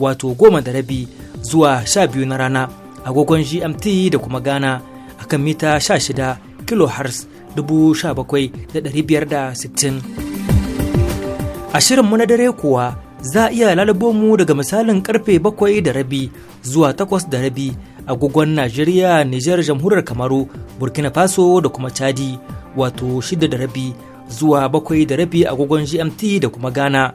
wato goma da rabi zuwa sha biyu na rana agogon gmt da kuma ghana a kan mita biyar kilohertz sittin. a shirinmu na dare kuwa za a iya lalabo mu daga misalin karfe bakwai da rabi zuwa takwas da rabi agogon najeriya nijar jamhuriyar kamaru burkina faso da kuma chadi wato shida da rabi zuwa bakwai da rabi agogon gmt da kuma ghana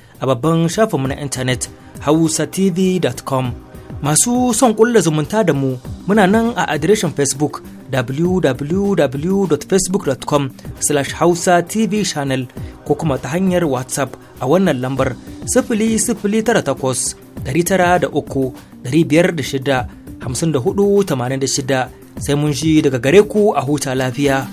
a babban shafinmu na intanet hausatv.com masu son kulla zumunta da mu muna nan a adireshin facebook www.facebook.com slash hausa tv channel ko kuma ta hanyar whatsapp a wannan lambar sifili sifili da takwas tara uku biyar shida hamsin da sai mun ji daga gare ku a huta lafiya.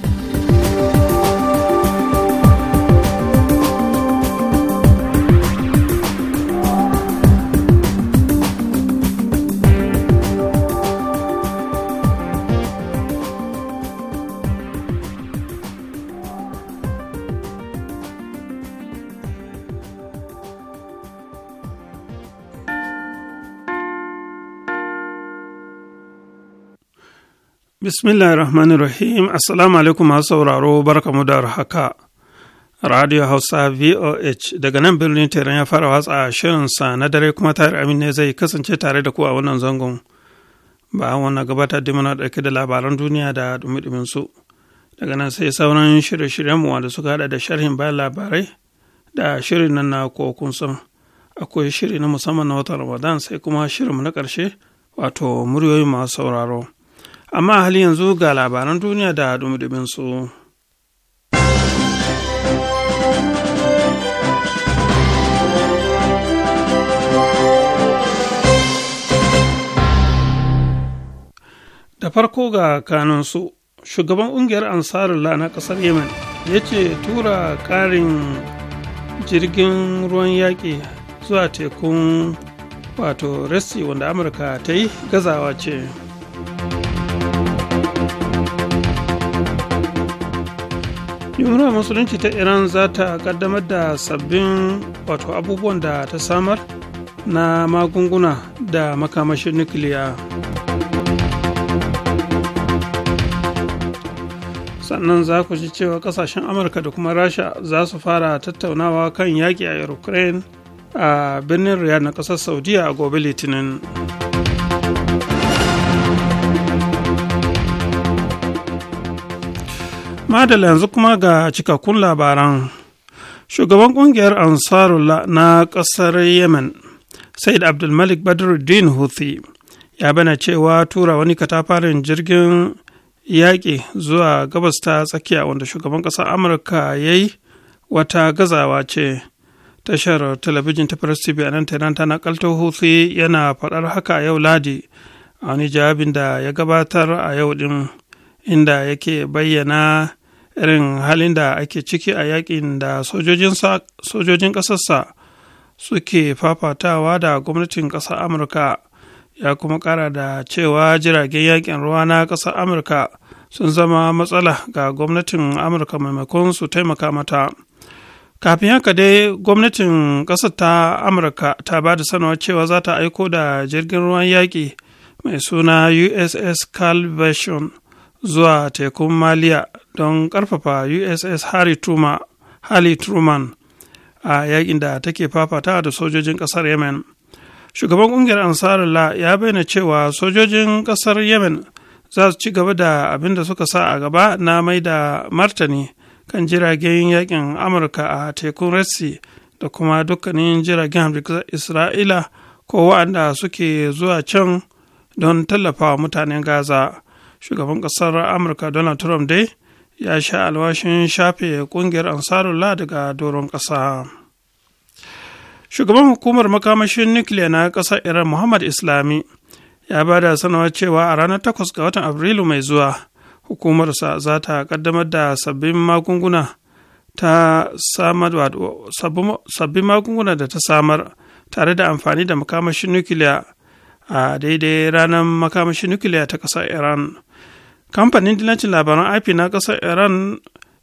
Bismillahirrahmanirrahim. Assalamu alaikum masu sauraro barkamu da haka. Radio Hausa VOH daga nan birnin Teran ya fara watsa shirinsa na dare kuma tare amin ne zai kasance tare da ku a wannan zangon. Ba wannan gabatar da muna ɗauke da labaran duniya da dumi su. Daga nan sai sauran shirye-shiryen mu wanda suka hada da sharhin bayan labarai da shirin nan na kokun san. Akwai shiri na musamman na watan Ramadan sai kuma shirin mu na ƙarshe wato muryoyi masu sauraro. amma hali yanzu ga labaran duniya da dumi su. da farko ga su, shugaban ƙungiyar la na ƙasar yemen ya ce tura ƙarin jirgin ruwan yaƙi zuwa tekun wato resi wanda amurka ta yi gazawa ce jumhuriyar musulunci ta iran za ta kaddamar da sabbin wato abubuwan da ta samar na magunguna da makamashin nukiliya sannan za ku ji cewa kasashen amurka da kuma rasha za su fara tattaunawa kan yaƙi a ukraine a birnin Riyad na ƙasar saudiya a gobe litinin. madala yanzu kuma ga cikakkun labaran shugaban kungiyar ansarullah na kasar yemen said abdulmalik badruddin houthi ya bana cewa tura wani katafaren jirgin yaƙi zuwa gabas ta tsakiya wanda shugaban ƙasar amurka ya yi wata gazawa ce tashar talabijin ta press tv a nan tana ta nakaltar houthi yana faɗar haka a yau ladi a wani jawabin da ya gabatar a yau din. inda yake bayyana irin halin da ake ciki a yakin da sojojin ƙasarsa suke fafatawa da gwamnatin ƙasar amurka ya kuma ƙara da cewa jiragen yakin ruwa na ƙasar amurka sun zama matsala ga gwamnatin amurka maimakon su taimaka mata kafin haka dai gwamnatin ƙasar ta amurka ta ba da sanarwa cewa za ta aiko da jirgin ruwan yaƙi mai suna uss calvation zuwa tekun maliya don ƙarfafa uss harry truman, harry truman a yakin da take fafata da sojojin ƙasar yemen shugaban ƙungiyar ansarullah ya bayyana cewa sojojin ƙasar yemen za su ci gaba da abin da suka sa a gaba na mai da martani kan jiragen yakin amurka a tekun rassi da kuma dukkanin jiragen isra'ila ko wa'anda suke zuwa can don tallafa mutanen gaza shugaban ƙasar amurka donald trump dai ya sha alwashin shafe ƙungiyar ansarullah daga doron ƙasa shugaban hukumar makamashin nukiliya na ƙasar iran muhammad islami ya ba da sanarwar cewa a ranar 8 ga watan afrilu mai zuwa hukumarsa za ta kaddamar da sabbin magunguna ta samar sabbin magunguna da ta samar tare da amfani da makamashin nukiliya a daidai ranar makamashin nukiliya ta ƙasar iran kamfanin dinacin labaran ip na ƙasar iran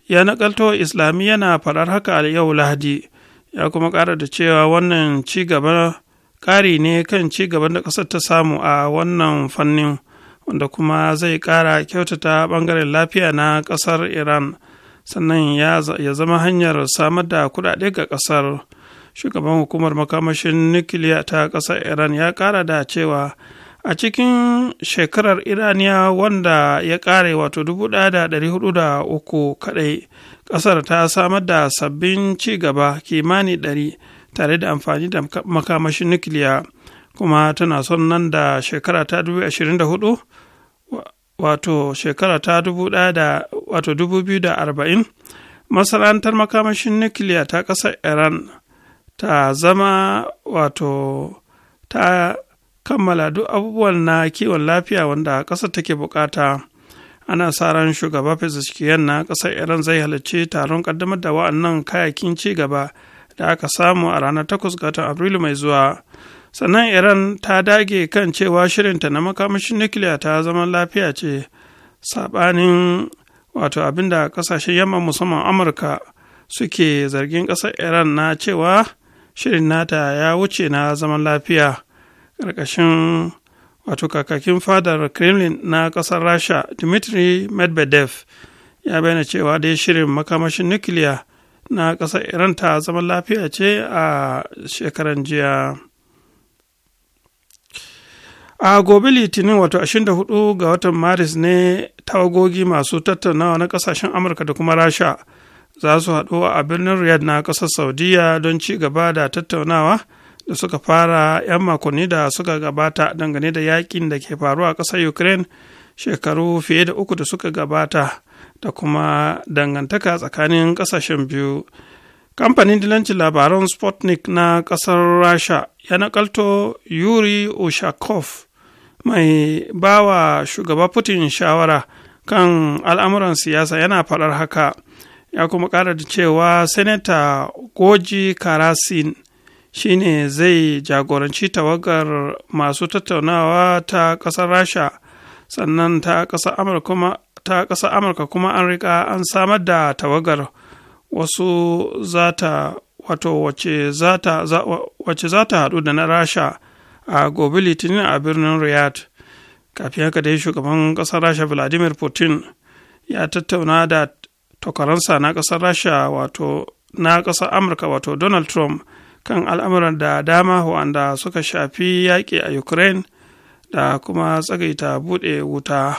ya nakalto islami yana faɗar haka a yau lahadi ya kuma ƙara da cewa wannan ci gaba ƙari ne kan ci gaban da ƙasar ta samu a wannan fannin wanda kuma zai ƙara kyautata ɓangaren lafiya na ƙasar iran sannan ya zama hanyar samar da kuɗaɗe ga ƙasar shugaban hukumar makamashin nukiliya ta ƙasar iran ya ƙara da cewa a cikin shekarar iraniya wanda ya kare wato 1403 kadai kasar ta samar da sabbin ci gaba kimani 100 tare da amfani da makamashin nukiliya kuma tana son nan da shekara ta 2024 wato shekara ta wato 2040 masana'antar makamashin nukiliya ta ƙasar iran ta zama wato ta kammala duk abubuwan na kiwon lafiya wanda ƙasar take bukata ana sa ran shugaba pezeshkiyan na ƙasar iran zai halarci taron ƙaddamar da wa'annan kayakin ci gaba da aka samu a ranar takwas ga watan afrilu mai zuwa sannan iran ta dage kan cewa shirinta na makamashin nukiliya ta zaman lafiya ce saɓanin wato abinda ƙasashen yamma musamman amurka suke zargin ƙasar iran na cewa shirin nata ya wuce na zaman lafiya ƙarƙashin wato kakakin fadar kremlin na ƙasar rasha dmitry medvedev ya bayyana cewa dai shirin makamashin nukiliya na ƙasar iran ta zaman lafiya ce a shekaran jiya a gobe litinin wato 24 ga watan maris ne tawagogi masu tattaunawa na ƙasashen amurka da kuma rasha za su haɗu a birnin riyadh na ƙasar saudiya don ci gaba da tattaunawa da suka fara 'yan makonni da suka gabata dangane da yakin da ke faruwa a ƙasar ukraine shekaru fiye da uku da suka gabata da kuma dangantaka tsakanin ƙasashen biyu kamfanin dilancin labaran sputnik na ƙasar rasha ya nakalto yuri ushakov mai bawa shugaba putin shawara kan al'amuran siyasa yana faɗar haka ya kuma ƙara da cewa seneta goji karasin shine zai jagoranci tawagar masu tattaunawa ta ƙasar rasha sannan ta ƙasar amurka kuma an riƙa an samar da tawagar wasu zata wato wace za ta haɗu da na rasha a gobe litinin a birnin riyadh kafin haka dai shugaban ƙasar rasha vladimir putin ya tattauna da tokaransa na ƙasar rasha wato na ƙasar amurka wato donald trump kan al'amuran da dama wanda suka shafi yaƙi a ukraine da kuma tsagaita buɗe wuta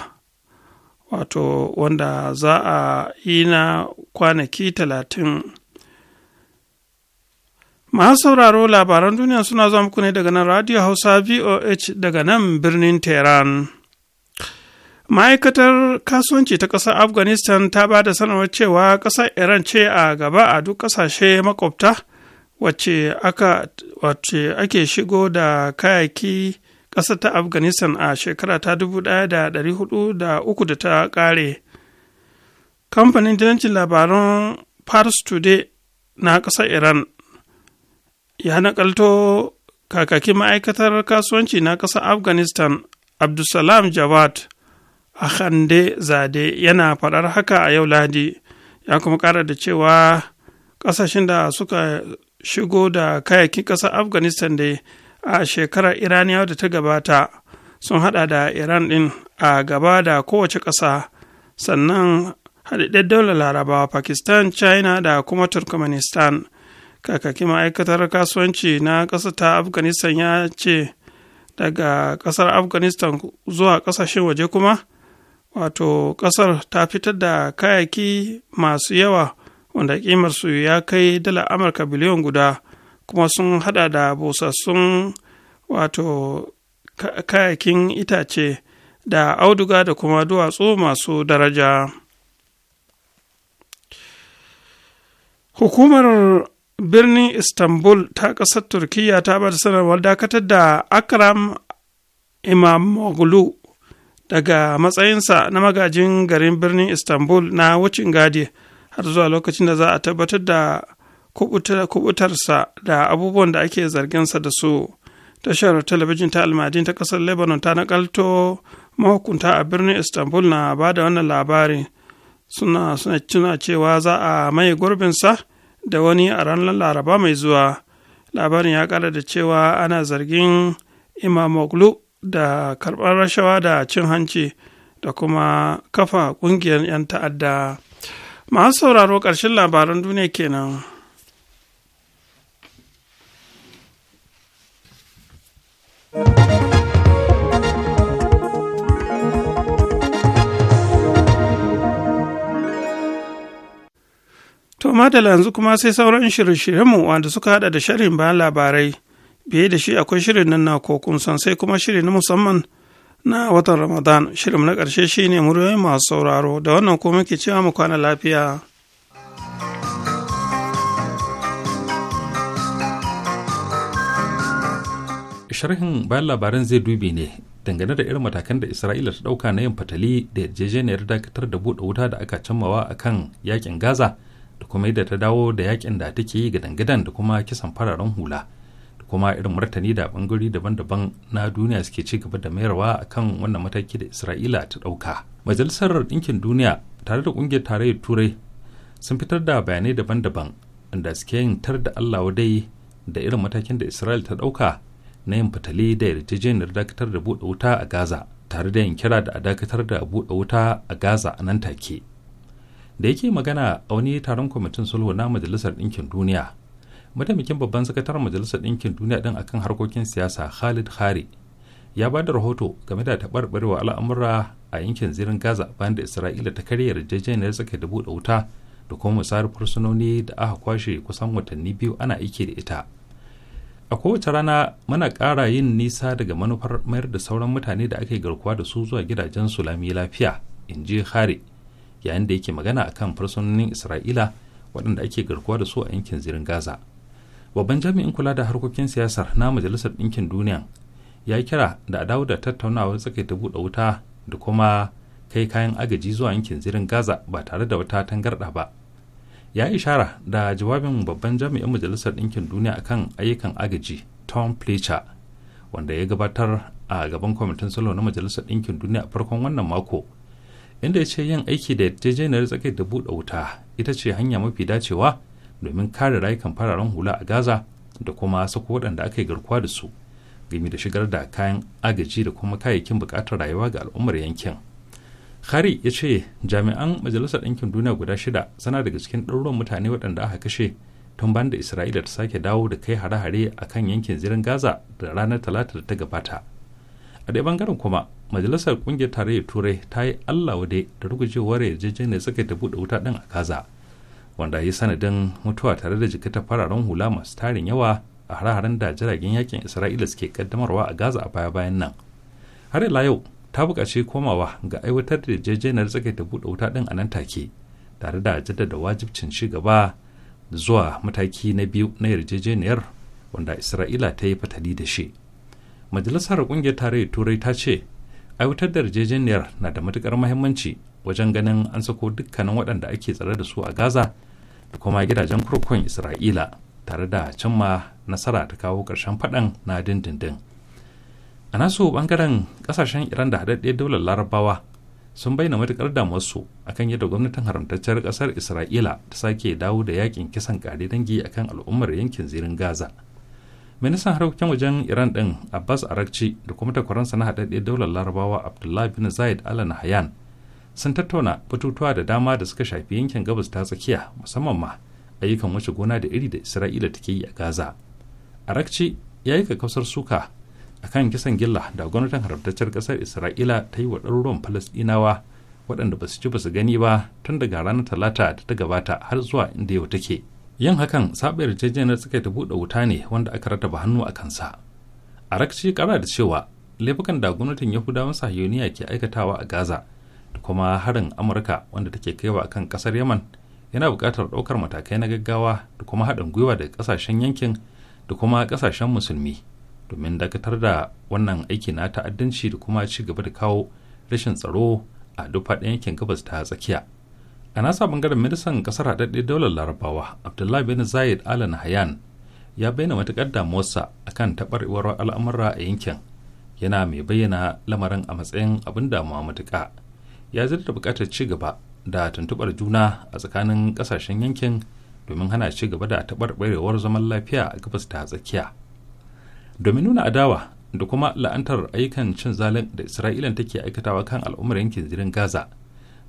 wato wanda za a yi na kwanaki talatin masu sauraro labaran duniya suna zuwa muku ne daga nan radio hausa voh daga nan birnin tehran ma'aikatar kasuwanci ta ƙasar afghanistan ta ba da sanarwar cewa ƙasar iran ce a gaba a duk ƙasashe makwabta wacce aka wacce ake shigo da kayaki ƙasa ta afghanistan a shekara ta 1403 da ta ƙare kamfanin dinancin labaran pars today na ƙasa iran ya nakalto kakakin ma'aikatar kasuwanci na ƙasar afghanistan abdulsalam jawad ahande zade yana faɗar haka a yau lahadi ya kuma ƙara da cewa ƙasashen da suka shigo da kayakin ƙasar afghanistan da a shekarar iraniya da ta gabata sun hada da iran ɗin a gaba da kowace ƙasa sannan hadidai daular larabawa pakistan china da kuma turkmenistan kakakin ma'aikatar kasuwanci na ƙasar ta afghanistan ya ce daga ƙasar afghanistan zuwa ƙasashen waje kuma wato ƙasar ta fitar da kayaki masu yawa wanda kimarsu ya kai dala amurka biliyon guda kuma sun hada da busassun wato kayakin itace da auduga da kuma duwatsu masu daraja hukumar birnin istanbul ta ƙasar turkiyya ta bada sanarwar dakatar da akram imamoglu daga matsayinsa na magajin garin birnin istanbul na wucin gadi har zuwa lokacin da za a tabbatar da kubutarsa da abubuwan da ake zarginsa da su tashar talabijin ta almadin ta kasar lebanon ta nakalto mahukunta a birnin istanbul na ba da wannan labari suna suna cewa za a maye gurbinsa da wani a ranar laraba mai zuwa labarin ya kara da cewa ana zargin imamoglu da karɓar rashawa da cin hanci da kuma kafa ƙungiyar 'yan ta'adda masu sauraro ƙarshen labaran duniya kenan. To madala yanzu kuma sai sauran shirye-shiryenmu wanda suka hada da shirin bayan labarai, biye da shi akwai shirin nan na kokun sai kuma shiri na musamman na watan Ramadan shirin na ƙarshe shine muryoyin masu sauraro da wannan kuma muke cewa mu kwana lafiya. Sharhin bayan labaran zai dubi ne dangane da irin matakan da Isra'ila ta ɗauka na yin fatali da yarjejeniyar dakatar da buɗe wuta da aka cimmawa a kan yakin Gaza da kuma yadda ta dawo da yakin da take yi ga dangadan da kuma kisan fararen hula. kuma irin martani da bangarori daban-daban na duniya suke ci gaba da mayarwa akan wannan mataki da isra'ila ta ɗauka majalisar ɗinkin duniya tare da ƙungiyar tarayyar turai sun fitar da bayanai daban-daban inda suke yin tar da allah dai da irin matakin da isra'il ta ɗauka na yin fitali da yarjejeniyar dakatar da buɗe wuta a gaza tare da yin kira da a dakatar da buɗe wuta a gaza a nan take da yake magana a wani taron kwamitin sulhu na majalisar ɗinkin duniya mataimakin babban sakataren majalisar ɗinkin duniya ɗin akan harkokin siyasa khalid hari ya ba da rahoto game da taɓarɓarewa al'amura a yankin zirin gaza bayan da isra'ila ta karya yarjejeniyar tsaka da buɗe wuta da kuma musayar fursunoni da aka kwashe kusan watanni biyu ana aiki da ita a kowace rana muna kara yin nisa daga manufar mayar da sauran mutane da ake garkuwa da su zuwa gidajen su lami lafiya in ji hari yayin da yake magana akan fursunonin isra'ila waɗanda ake garkuwa da su a yankin zirin gaza babban jami'in kula da harkokin siyasar na majalisar ɗinkin duniya ya kira da a dawo da tattaunawar ta buɗe wuta da kuma kai kayan agaji zuwa yankin zirin gaza ba tare da wata tangarɗa ba ya ishara da jawabin babban jami'in majalisar ɗinkin duniya akan ayyukan agaji tom fletcher wanda ya gabatar a gaban kwamitin salo na majalisar ɗinkin duniya a farkon wannan mako inda ya ce yin aiki da yarjejeniyar tsakai da buɗe wuta ita ce hanya mafi dacewa domin kare rayukan fararen hula a gaza da kuma sako waɗanda aka yi garkuwa da su game da shigar da kayan agaji da kuma kayayyakin buƙatar rayuwa ga al'ummar yankin hari ya ce jami'an majalisar ɗinkin duniya guda shida sana daga cikin ɗaruruwan mutane waɗanda aka kashe tun ban da isra'ila ta sake dawo da kai hare-hare a kan yankin zirin gaza da ranar talata da ta gabata a dai bangaren kuma majalisar ƙungiyar tarayyar turai ta yi allah wade da rugujewar yarjejeniyar suka ta buɗe wuta ɗin a gaza wanda ya sanadin mutuwa tare da jikata fararen hula masu tarin yawa a hare-haren da jiragen yakin isra'ila suke kaddamarwa a gaza a baya-bayan nan har ila yau ta buƙaci komawa ga aiwatar da yarjejeniyar tsakaita buɗe wuta ɗin a nan take tare da jaddada wajibcin ci gaba zuwa mataki na biyu na yarjejeniyar wanda isra'ila ta yi fatali da shi majalisar ƙungiyar tarayyar turai ta ce aiwatar da yarjejeniyar na da matuƙar muhimmanci wajen ganin an sako dukkanin waɗanda ake tsare da su a gaza da kuma gidajen kurkukun isra'ila tare da cimma nasara ta kawo ƙarshen faɗan na dindindin a nasu bangaren ƙasashen iran da haɗaɗɗe daular larabawa sun bayyana matuƙar damuwarsu akan yadda gwamnatin haramtacciyar ƙasar isra'ila ta sake dawo da yaƙin kisan kare dangi akan al'ummar yankin zirin gaza ministan harkokin wajen iran ɗin abbas arakci da kuma takwaransa na haɗaɗɗe daular larabawa abdullahi bin zayed al nahyan sun tattauna batutuwa da dama da suka shafi yankin gabas ta tsakiya musamman ma ayyukan wace gona da iri da isra'ila take yi a gaza arakci ya yi kakkausar suka a kan kisan gilla da gwamnatin haramtaccen kasar isra'ila ta yi wa ɗaruruwan falasɗinawa waɗanda ba su ci ba su gani ba tun daga ranar talata da ta gabata har zuwa inda yau take yin hakan saɓa yarjejeniyar suka ta buɗe wuta ne wanda aka rataba hannu a kansa arakci kara da cewa laifukan da gwamnatin yahudawan sahiyoniya ke aikatawa a gaza kuma harin amurka wanda take kaiwa kan kasar yaman yana bukatar ɗaukar matakai na gaggawa da kuma haɗin gwiwa daga kasashen yankin da kuma kasashen musulmi domin dakatar da wannan aiki na ta'addanci da kuma ci gaba da kawo rashin tsaro a duk faɗin yankin gabas ta tsakiya a nasa bangaren ministan kasar haɗaɗɗe daular larabawa abdullahi bin zayed alan hayan ya bayyana matuƙar damuwarsa akan taɓarɓarewar al'amura a yankin yana mai bayyana lamarin a matsayin abin damuwa matuƙa ya zarta bukatar ci gaba da tuntuɓar juna a tsakanin ƙasashen yankin domin hana ci gaba da taɓarɓarewar zaman lafiya a gabas ta tsakiya domin nuna adawa da kuma la'antar ayyukan cin zalin da isra'ilan take aikatawa kan al'ummar yankin zirin gaza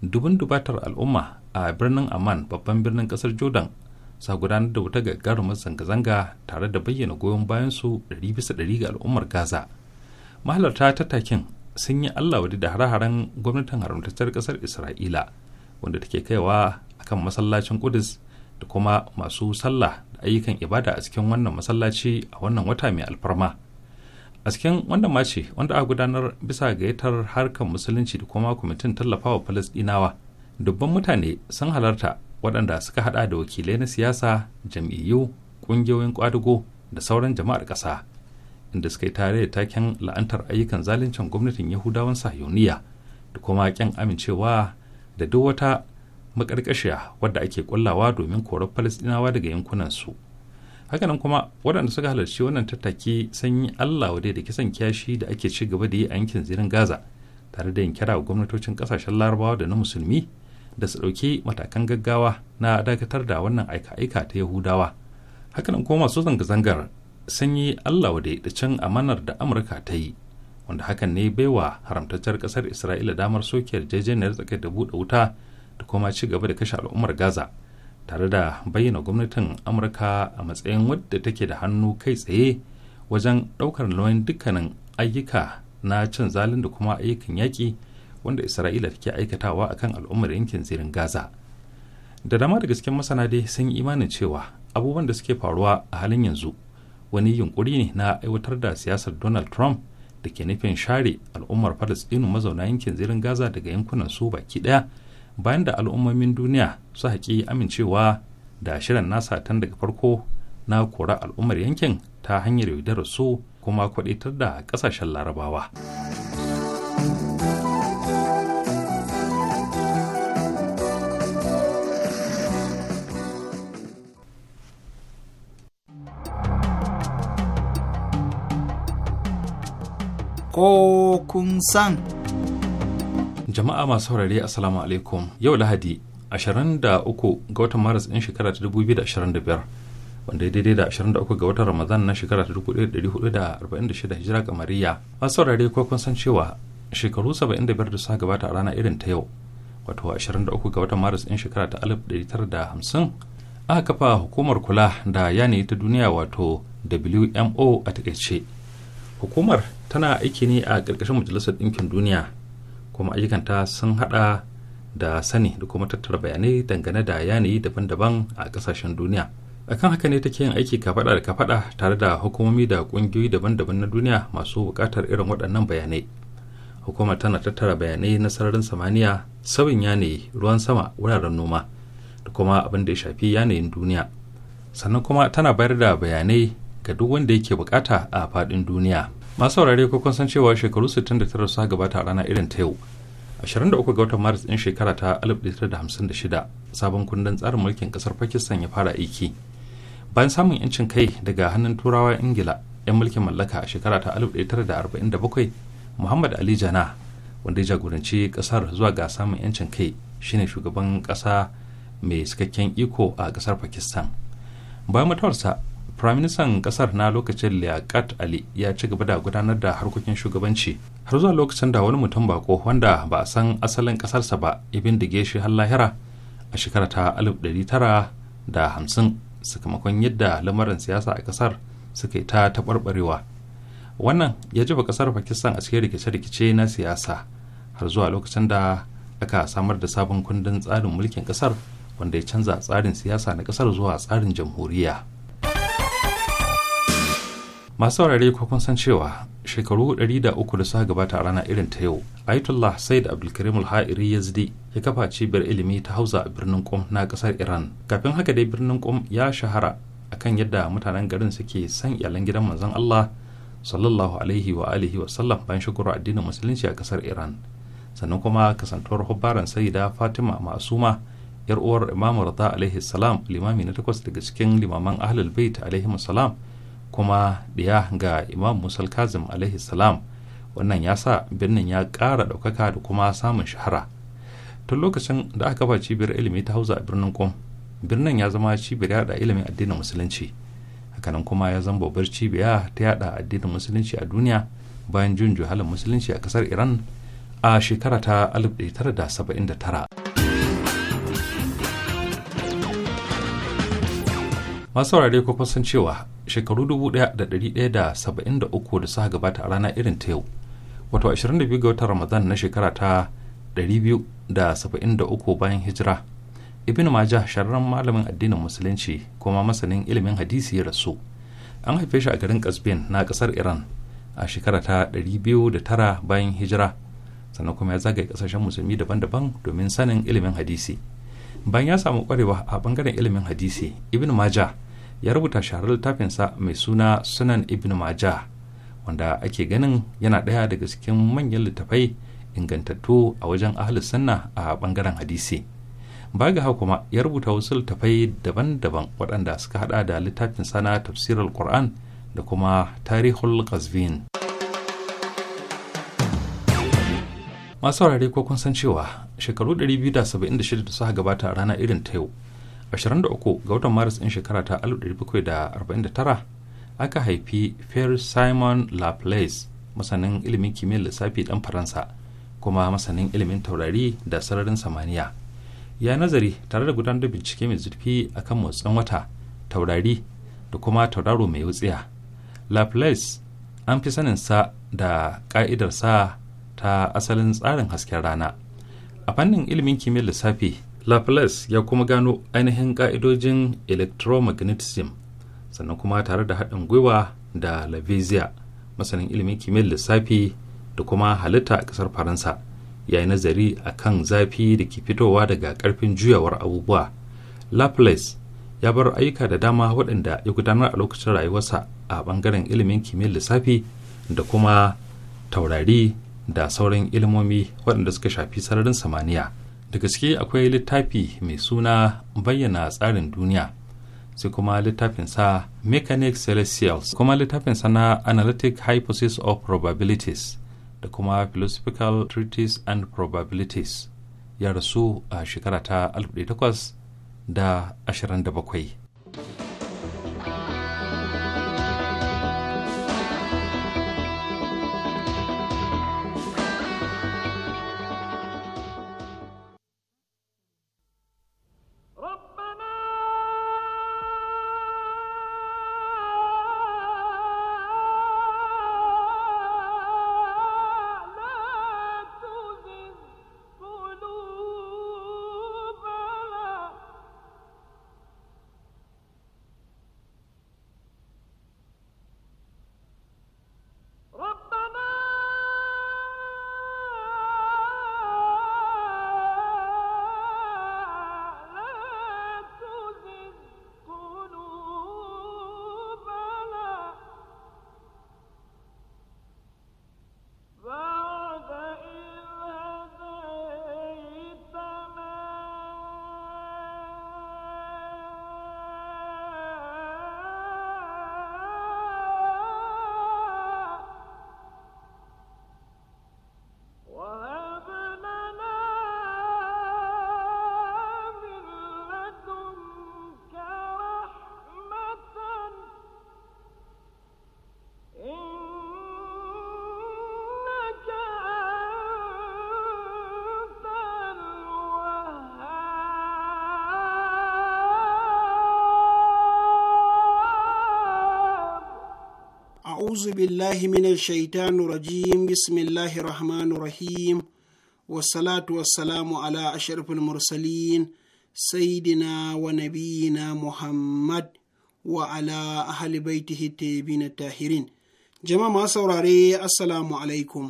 dubin dubatar al'umma a birnin amman babban birnin kasar jordan sa gudanar da wata gagarumar zanga-zanga tare da bayyana goyon bayan su 100% ga al'ummar gaza mahalarta ta takin. sun yi allah wadi da hare-haren gwamnatin haramtacciyar kasar isra'ila wanda take kaiwa akan masallacin kudus da kuma masu sallah da ayyukan ibada a cikin wannan masallaci a wannan wata mai alfarma a cikin wannan mace wanda aka gudanar bisa gayyatar harkar musulunci da kuma kwamitin tallafawa falasdinawa dubban mutane sun halarta waɗanda suka hada da wakilai na siyasa jam'iyyu ƙungiyoyin ƙwadago da sauran jama'ar ƙasa inda suka yi tare da taken la'antar ayyukan zaluncin gwamnatin yahudawan sahiyoniya da kuma kyan amincewa da duk wata makarkashiya wadda ake kullawa domin korar falasɗinawa daga yankunansu hakanan kuma waɗanda suka halarci wannan tattaki sun yi allah wadai da kisan kyashi da ake ci gaba da yi a yankin zirin gaza tare da yin kira ga gwamnatocin ƙasashen larabawa da na musulmi da su ɗauki matakan gaggawa na dakatar da wannan aika-aika ta yahudawa hakanan kuma masu zanga-zangar sun yi allah wa da amanar da amurka ta yi wanda hakan ne baiwa haramtacciyar kasar isra'ila damar soke yarjejeniyar tsakar da buɗe wuta da kuma ci gaba da kashe al'ummar gaza tare da bayyana gwamnatin amurka a matsayin wadda take da hannu kai tsaye wajen ɗaukar nauyin dukkanin ayyuka na cin zalin da kuma ayyukan yaƙi wanda isra'ila take aikatawa a kan al'ummar yankin zirin gaza da dama da gaske masana dai sun yi imanin cewa abubuwan da suke faruwa a halin yanzu wani yunkuri ne na aiwatar da siyasar donald trump da ke nufin share al'ummar palestinu mazauna yankin zirin gaza daga yankunan su baki ɗaya bayan da al'ummomin duniya su haƙi amincewa da shirin nasa tan daga farko na kora al'ummar yankin ta hanyar yaudarar su kuma kwaɗitar da ƙasashen larabawa. ko kun san. Jama'a masu saurari Assalamu alaikum yau Lahadi 23 ga watan Maris ɗin shekara ta 2025 wanda ya daidai da 23 ga watan Ramadan na shekara ta 1446 hijira ga Mariya Masu saurari ko kun san cewa shekaru 75 da suka gabata a rana irin ta yau wato 23 ga watan Maris ɗin shekara ta 1950 aka kafa hukumar kula da yanayi ta duniya wato WMO a takaice. hukumar tana aiki ne a ƙarƙashin majalisar ɗinkin duniya kuma ayyukanta sun haɗa da sani da kuma tattara bayanai dangane da yanayi daban-daban a ƙasashen duniya akan haka ne take yin aiki kafaɗa da kafaɗa tare da hukumomi da ƙungiyoyi daban-daban na duniya masu buƙatar irin waɗannan bayanai hukumar tana tattara bayanai na sararin samaniya sauyin yanayi ruwan sama wuraren noma da kuma abin da ya shafi yanayin duniya sannan kuma tana bayar da bayanai ga duk wanda yake bukata a fadin duniya masu saurare ko kun san cewa shekaru 69 su gabata a rana irin ta yau 23 ga watan maris din shekara ta 1956 sabon kundin tsarin mulkin kasar pakistan ya fara aiki bayan samun yancin kai daga hannun turawa ingila 'yan mulkin mallaka a shekara ta 1947 muhammad ali jana wanda ya jagoranci kasar zuwa ga samun yancin kai shine shugaban kasa mai cikakken iko a kasar pakistan bayan mutuwarsa firaministan kasar na lokacin liaquat ali ya ci gaba da gudanar da harkokin shugabanci har zuwa lokacin da wani mutum bako wanda ba a san asalin kasarsa ba ya bindige shi har lahira a shekara ta 1950 sakamakon yadda lamarin siyasa a kasar suka yi ta taɓarɓarewa wannan ya jefa kasar pakistan a cikin rikice-rikice na siyasa har zuwa lokacin da aka samar da sabon kundin tsarin mulkin kasar wanda ya canza tsarin siyasa na kasar zuwa tsarin jamhuriya. masu saurare ko san cewa shekaru 300 da suka gabata a rana irin ta yau ayatollah said abdulkarim al-ha'iri yazdi ya kafa cibiyar ilimi ta hausa a birnin kum na kasar iran kafin haka dai birnin kum ya shahara akan yadda mutanen garin suke san iyalan gidan manzon allah sallallahu alaihi wa alihi wa sallam bayan shukuru addinin musulunci a kasar iran sannan kuma kasantuwar hubbaran sayida fatima masuma yar uwar imamu rada alaihi salam limami na takwas daga cikin limaman ahlul bait alaihi salam kuma ɗaya ga imam musal kazim alaihi salam wannan ya sa birnin ya kara ɗaukaka da kuma samun shahara tun lokacin da aka kafa cibiyar ilimi ta hauza a birnin ƙum birnin ya zama cibiyar yada ilimin addinin musulunci hakanan kuma ya zama babbar cibiya ta yada addinin musulunci a duniya bayan jin juhalin musulunci a kasar iran a shekara ta 1979 masu saurare ko shekaru 1173 da suka gabata a rana irin ta yau wato 22 ga watan ramadan na shekara ta 273 bayan hijira ibn Maja shararren malamin addinin musulunci kuma masanin ilimin hadisi ya rasu an haife shi a garin kasbin na kasar iran a shekara ta tara bayan hijira sannan kuma ya zagaye kasashen musulmi daban-daban domin sanin ilimin hadisi bayan ya samu kwarewa a bangaren ilimin hadisi ibn Maja. ya rubuta sharar littafinsa mai suna sunan ibn maja wanda ake ganin yana ɗaya daga cikin manyan littafai ingantattu a wajen ahlus sunna a bangaren hadisi baga haka kuma ya rubuta wasu littafai daban-daban waɗanda suka hada da littafin sana tafsirar qur'an da kuma tarihul qazvin masu wurare ko kun san cewa shekaru 276 da suka gabata a rana irin ta yau 23 ga watan maris din shekara ta 1749 aka haifi pierre simon laplace masanin ilimin kimiyyar lissafi dan faransa kuma masanin ilimin taurari da sararin samaniya ya nazari tare da gudanar da bincike mai zurfi akan motsin wata taurari da kuma tauraro mai wutsiya laplace an fi saninsa da sa ta asalin tsarin hasken rana a fannin ilimin kimiyyar lissafi laplace ya kuma gano ainihin ka'idojin electromagnetism sannan kuma tare da haɗin gwiwa da lavizia masanin ilimin kimiyyar lissafi da kuma halitta a ƙasar faransa ya yi nazari a kan zafi da ke fitowa daga ƙarfin juyawar abubuwa laplace ya bar ayyuka da dama waɗanda ya gudanar a lokacin rayuwarsa a ɓangaren ilimin kimiyyar lissafi da kuma taurari da sauran ilimomi waɗanda suka shafi sararin samaniya da gaske akwai littafi mai suna bayyana tsarin duniya sai kuma littafinsa mechanic celestials kuma littafinsa na analytic hypothesis of probabilities da kuma philosophical treaties and probabilities ya rasu a shekara ta 1827 بالله من الشيطان الرجيم بسم الله الرحمن الرحيم والصلاة والسلام على أشرف المرسلين سيدنا ونبينا محمد وعلى أهل بيته الطيبين الطاهرين جماعة سوراري السلام عليكم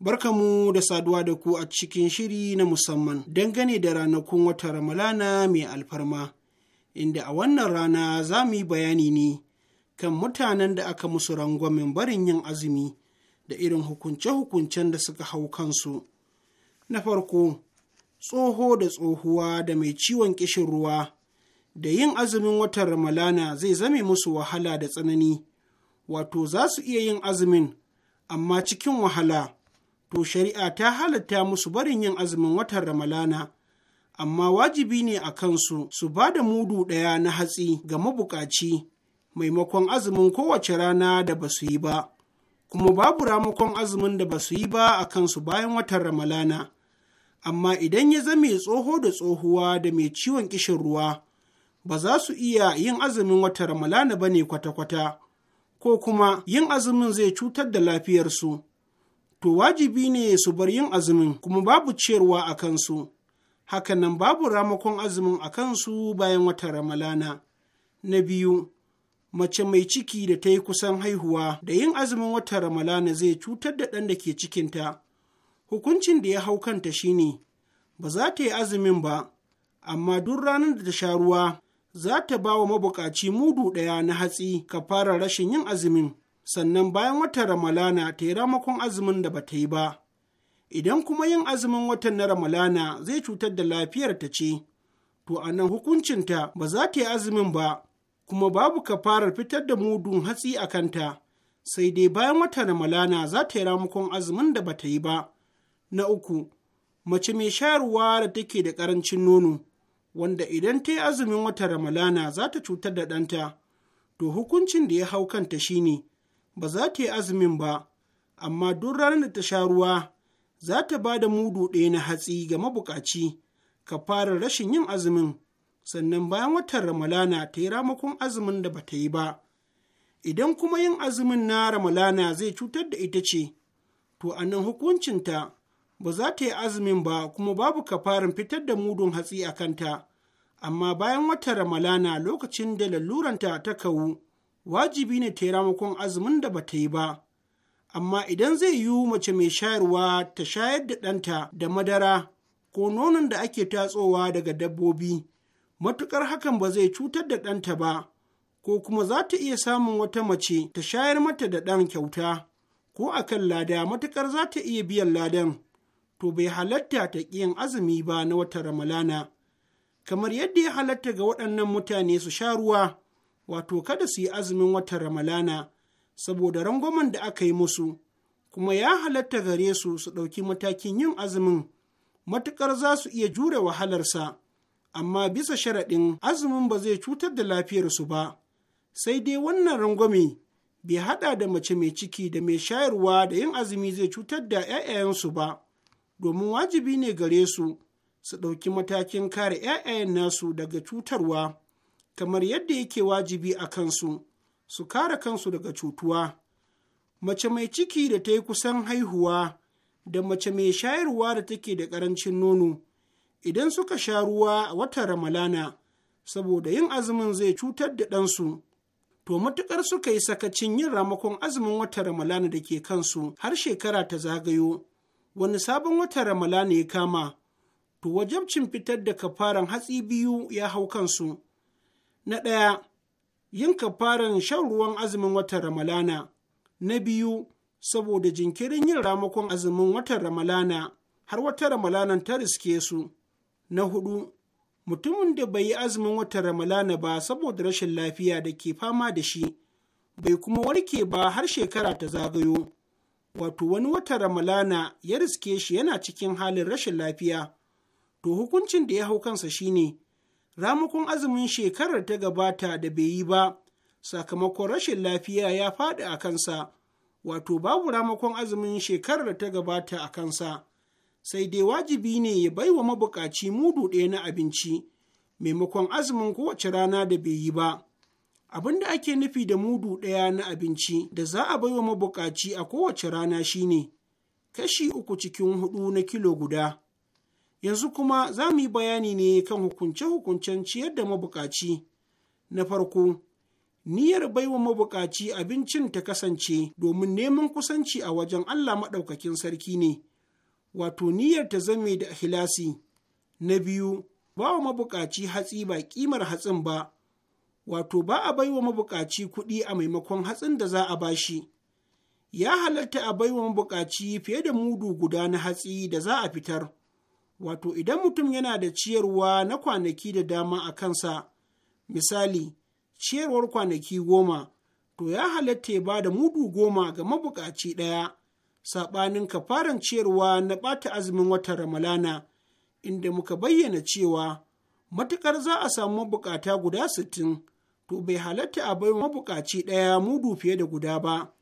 Barkamu da saduwa da ku a cikin shiri na musamman dangane da ranakun wata Ramalana mai alfarma, inda a wannan rana za mu yi bayani ne kan mutanen da aka musu rangwamen barin yin azumi da irin hukunce-hukuncen da suka hau kansu. Na farko, tsoho da tsohuwa da mai ciwon ƙishin ruwa da yin azumin watan Ramalana zai zame musu wahala da tsanani, wato za su iya yin azumin, amma cikin wahala. To, shari'a ta halatta musu barin yin azumin watan Ramalana. amma wajibi ne a kansu su ba da mudu ɗaya na hatsi ga mabukaci maimakon azumin kowace rana da ba su yi ba, kuma babu ramakon azumin da ba su yi ba a kansu bayan watan Ramalana. Amma idan ya zame tsoho da tsohuwa da mai ciwon kishin ruwa, ba za su iya yin azumin watan Ramalana ba ne kwata-kwata, ko kuma yin azumin zai cutar da lafiyarsu. To wajibi ne su bar yin azumin kuma babu ciyarwa a kansu. nan babu ramakon azumin a kansu bayan watan Ramalana. Na biyu, mace mai ciki da ta yi kusan haihuwa da yin azumin watan ramalana zai cutar da ɗan da ke cikinta hukuncin da ya hau kanta shine ba za ta yi azumin ba amma duk ranar da ta sha ruwa za ta ba wa mabukaci mudu ɗaya na hatsi ka fara rashin yin azumin sannan bayan watan ramalana ta yi ramakon azumin da ba ta yi ba idan kuma yin azumin watan na ramalana zai cutar da lafiyarta ce to a nan hukuncinta ba za ta yi azumin ba kuma babu kafarar fitar da mudun hatsi a kanta, sai dai bayan wata Ramalana za ta yi ramukon azumin da bata yi ba. Na uku, mace mai shayarwa da take da ƙarancin nono, wanda idan ta yi azumin wata Ramalana za ta cutar da ɗanta, to hukuncin da ya hau kanta shi ne, ba za ta yi azumin ba, amma duk ranar da ta sha ruwa za ta ba da mudu ɗaya na hatsi ga mabukaci, ka fara rashin yin azumin. sannan bayan watan ramalana ta yi ramakon azumin da bata yi ba idan kuma yin azumin na ramalana zai cutar da ita ce to a nan hukuncinta ba za ta yi azumin ba kuma babu kafarin fitar da mudun hatsi a kanta amma bayan watan ramalana lokacin da laluranta ta kawu wajibi ne ta yi ramakon azumin da bata yi ba amma idan zai yiwu mace mai shayarwa ta shayar da ɗanta da madara ko nonon da ake tatsowa daga dabbobi matuƙar hakan ba zai cutar da ɗanta ba, ko kuma za ta iya samun wata mace ta shayar mata da ɗan kyauta, ko a kan lada matukar za ta iya biyan ladan, to bai halatta ta ƙiyan azumi ba na wata ramalana. Kamar yadda ya halatta ga waɗannan mutane su sha ruwa, wato kada su yi azumin wata ramalana, saboda rangwamen da aka yi musu, kuma ya halatta gare su su ɗauki matakin yin azumin, matuƙar za su iya jure wahalarsa. amma bisa sharaɗin azumin ba zai cutar da lafiyarsu ba, sai dai wannan rangwame bai haɗa da mace mai ciki da mai shayarwa da yin azumi zai cutar da 'ya'yayensu ba, domin wajibi ne gare su su ɗauki matakin kare 'ya'yayen nasu daga cutarwa, kamar yadda yake wajibi a kansu, su kare kansu daga cutuwa. Mace mai ciki da ta yi kusan haihuwa da mace mai shayarwa da take da ƙarancin nono. idan suka sha ruwa a watan Ramalana, saboda yin azumin zai cutar da ɗansu. To matuƙar suka yi sakacin yin ramakon azumin watan Ramalana da ke kansu har shekara ta zagayo, wani sabon watan Ramalana ya kama, to wajabcin fitar da kafaran hatsi biyu ya hau kansu. Na ɗaya, yin kafaran shan ruwan azumin watan Ramalana. Na biyu, saboda jinkirin yin ramakon azumin watan Ramalana har wata Ramalanan ta riske su. na hudu mutumin da bai yi azumin watan ramalana ba saboda rashin lafiya da ke fama da shi bai kuma warke ba har shekara ta zagayo wato wani watan ramalana ya riske shi yana cikin halin rashin lafiya to hukuncin da ya hau kansa shine ramakon azumin shekarar ta gabata da bai yi ba sakamakon rashin lafiya ya faɗi a kansa wato babu ramakon azumin shekarar ta gabata a kansa sai dai wajibi ne ya bai wa mabukaci mudu ɗaya na abinci maimakon azumin kowace rana da bai yi ba abin da ake nufi da mudu ɗaya na abinci da za a wa mabukaci a kowace rana shine kashi uku cikin hudu na kilo guda yanzu kuma za mu yi bayani ne kan hukunce-hukuncen ciyar da mabukaci na farko niyyar baiwa mabukaci abincin ta kasance domin neman kusanci a wajen allah maɗaukakin sarki ne wato niyyar ta zame da hilasi, na biyu ba wa mabukaci hatsi ba kimar hatsin ba wato ba a baiwa mabukaci kuɗi a maimakon hatsin da za a bashi ya halatta a baiwa mabukaci fiye da mudu guda na hatsi da za a fitar wato idan mutum yana da ciyarwa na kwanaki da dama a kansa misali ciyarwar kwanaki goma to ya halatta ya ba da mudu goma ga mabukaci ɗaya saɓanin kafaran ciyarwa na ɓata azumin watan Ramalana, inda muka bayyana cewa matuƙar za a samu mabukata guda sittin, to bai halatta a bai mabukaci ɗaya mudu fiye da guda ba.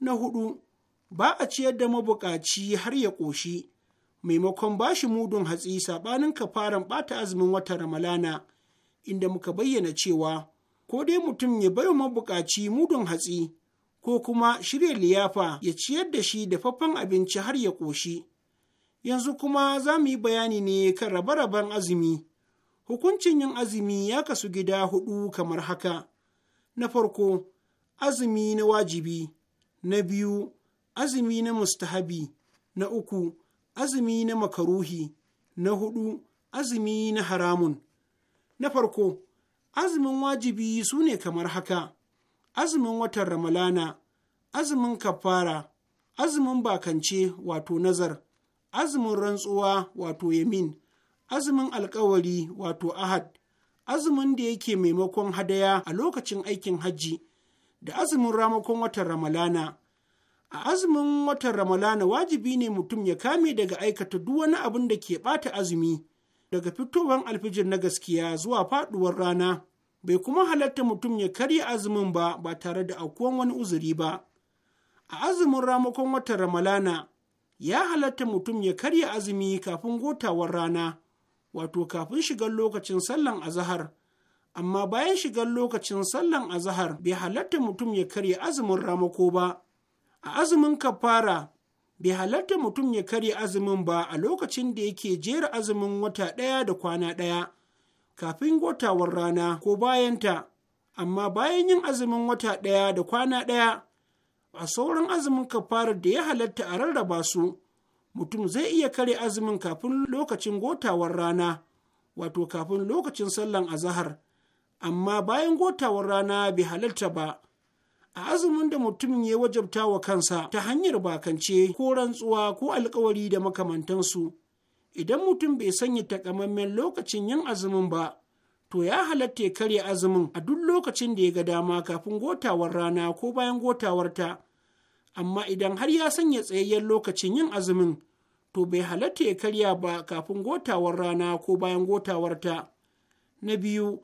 Na hudu, ba a ciyar da mabukaci har ya ƙoshi, maimakon ba shi mudun hatsi saɓanin kafaran ɓata azumin watan Ramalana, inda muka bayyana cewa, ko dai mutum ya bai mabukaci mudun hatsi, ko kuma shirya liyafa ya ciyar da shi dafaffen abinci har ya ƙoshi. Yanzu kuma za mu yi bayani ne kan rabe-raben azumi. Hukuncin yin azumi ya kasu gida huɗu kamar haka. Na farko, azumi na wajibi. Na biyu, azumi na mustahabi. Na uku, azumi na makaruhi. Na hudu azumi na haramun. Na farko, azumin wajibi su ne kamar haka. azumin watan ramalana azumin kafara azumin bakance wato nazar azumin rantsuwa wato yamin azumin alkawari wato ahad azumin da yake maimakon hadaya a lokacin aikin hajji da azumin ramakon watan ramalana a azumin watan ramalana wajibi ne mutum ya kame daga aikata duk wani abin da ke bata azumi daga fitowar alfijir na gaskiya zuwa faɗuwar rana bai kuma halatta mutum ya karya azumin ba ba tare da aukuwan wani uzuri ba a azumin ramakon watan ramalana ya halatta mutum ya karya azumi kafin gotawar rana wato kafin shigar lokacin sallan azahar amma bayan shigar lokacin sallan azahar bai halatta mutum ya karya azumin ramako ba a azumin kafara bai halatta mutum ya karya azumin ba a lokacin da yake jera azumin wata ɗaya da kwana ɗaya kafin gotawar rana ko bayanta, amma bayan yin azumin wata ɗaya da kwana ɗaya, a sauran azumin kafarar da ya halatta a rarraba su, mutum zai iya kare azumin kafin lokacin gotawar rana, wato kafin lokacin sallan azahar, amma bayan gotawar rana bai halatta ba. a azumin da mutumin ya wajabta wa kansa ta hanyar bakance ko rantsuwa ko alkawari da makamantansu idan mutum bai sanya takamammen lokacin yin azumin ba to ya halatta ya karya azumin a duk lokacin da ya ga dama kafin gotawar rana ko bayan gotawarta amma idan har ya sanya tsayayyen lokacin yin azumin to bai halatta ya karya ba kafin gotawar rana ko bayan gotawarta na biyu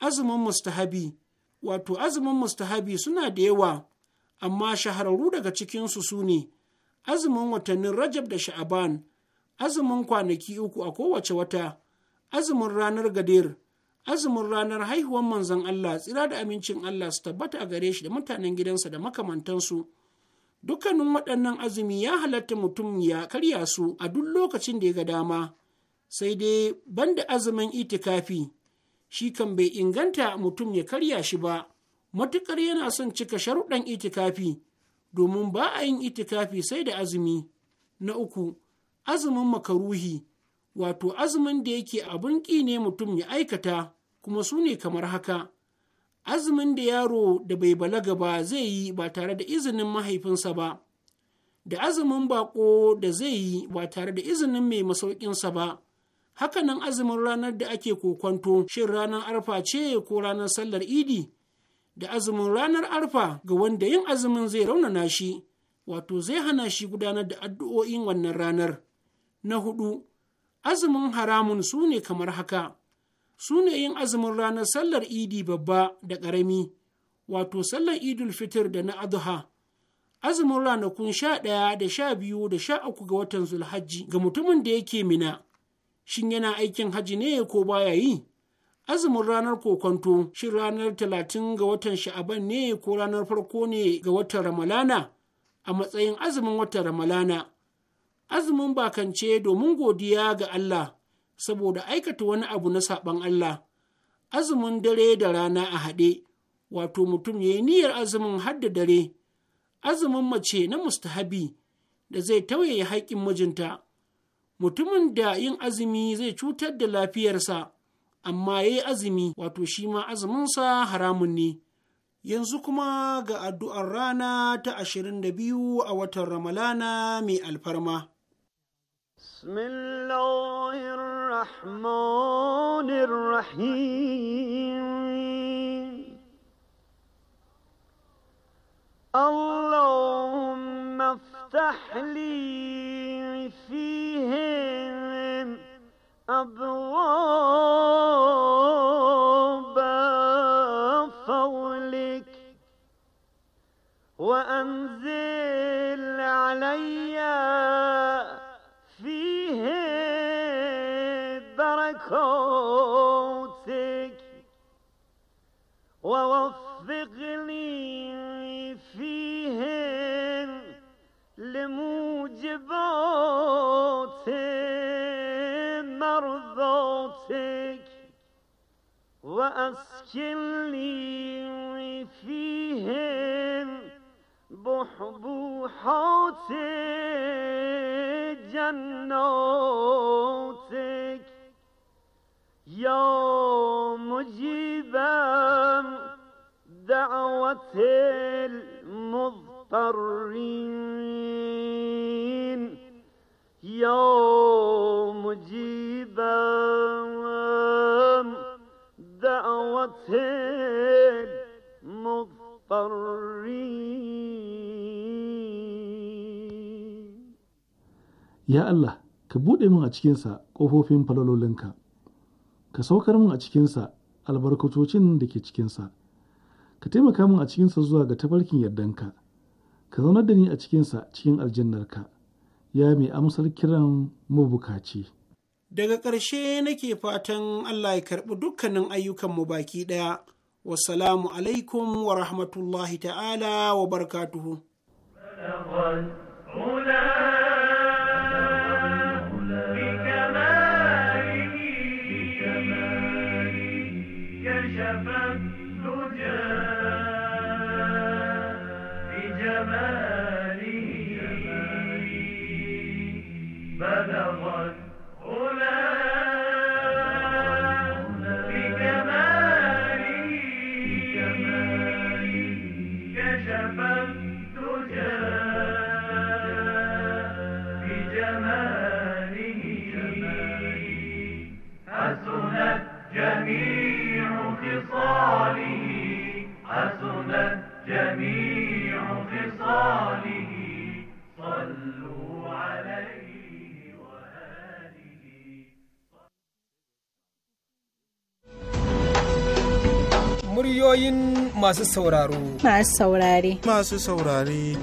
azumin mustahabi wato azumin mustahabi suna da yawa amma shahararru daga cikinsu su ne azumin watannin rajab da sha'aban azumin kwanaki uku a kowace wata azumin ranar gadir azumin ranar haihuwan manzon Allah tsira da amincin Allah su tabbata gare shi da mutanen gidansa da makamantansu dukkanin waɗannan azumi ya halatta mutum ya karya su a duk lokacin da ya ga dama sai dai banda azumin itikafi shi kan bai inganta mutum ya karya shi ba matuƙar yana son cika sharuɗan itikafi domin ba a yin itikafi sai da azumi na uku azumin makaruhi wato azumin da yake abin ƙi ne mutum ya aikata kuma su ne kamar haka azumin da yaro da bai balaga ba zai yi ba tare da izinin mahaifinsa ba da azumin baƙo da zai yi ba tare da izinin mai masaukinsa ba hakanan azumin ranar da ake kokwanto shin ranar arfa ce ko ranar sallar idi da azumin ranar arfa ga wanda yin azumin zai raunana shi wato zai hana shi gudanar da addu'o'in wannan ranar na hudu azumin haramun su ne kamar haka su ne yin azumin ranar sallar idi babba da ƙarami wato sallar idul fitir da na adha azumin ranakun sha ɗaya da sha biyu da sha uku ga watan zulhajji ga mutumin da yake mina shin yana aikin haji ne ko baya yi azumin ranar kokonto shin ranar talatin ga watan sha'aban ne ko ranar farko ne ga watan ramalana a matsayin azumin watan ramalana azumin bakance domin godiya ga Allah saboda aikata wani abu na saɓan Allah, azumin dare da rana a haɗe, wato mutum ya yi niyyar azumin hadda dare, azumin mace na mustahabi da zai tauye haƙƙin mijinta. Mutumin da yin azumi zai cutar da lafiyarsa, amma ya yi azumi, wato shi ma azuminsa haramun ne. Yanzu kuma ga addu'ar rana ta ashirin da biyu a watan Ramalana mai alfarma. بسم الله الرحمن الرحيم اللهم افتح لي فيهم أبواب فضلك وأنزل عليهم ووفقني فيهن لموجبات مرضاتك وأسكنني فيهن بحبوحات جنات Ya Allah, ka buɗe min a cikinsa ƙofofin falalolinka, ka saukar min a cikinsa albarkatocin da ke cikinsa, ka taimaka min a cikinsa zuwa ga tafarkin yardanka, ka zaunar da ni a cikinsa cikin aljannarka, ya mai amsar kiran mabukaci. Daga ƙarshe nake fatan Allah ya karɓi dukkanin ayyukanmu baki ɗaya. wasalamu alaikum wa rahmatullahi ta'ala wa barakatuhu. muryoyin masu sauraro masu saurare masu saurare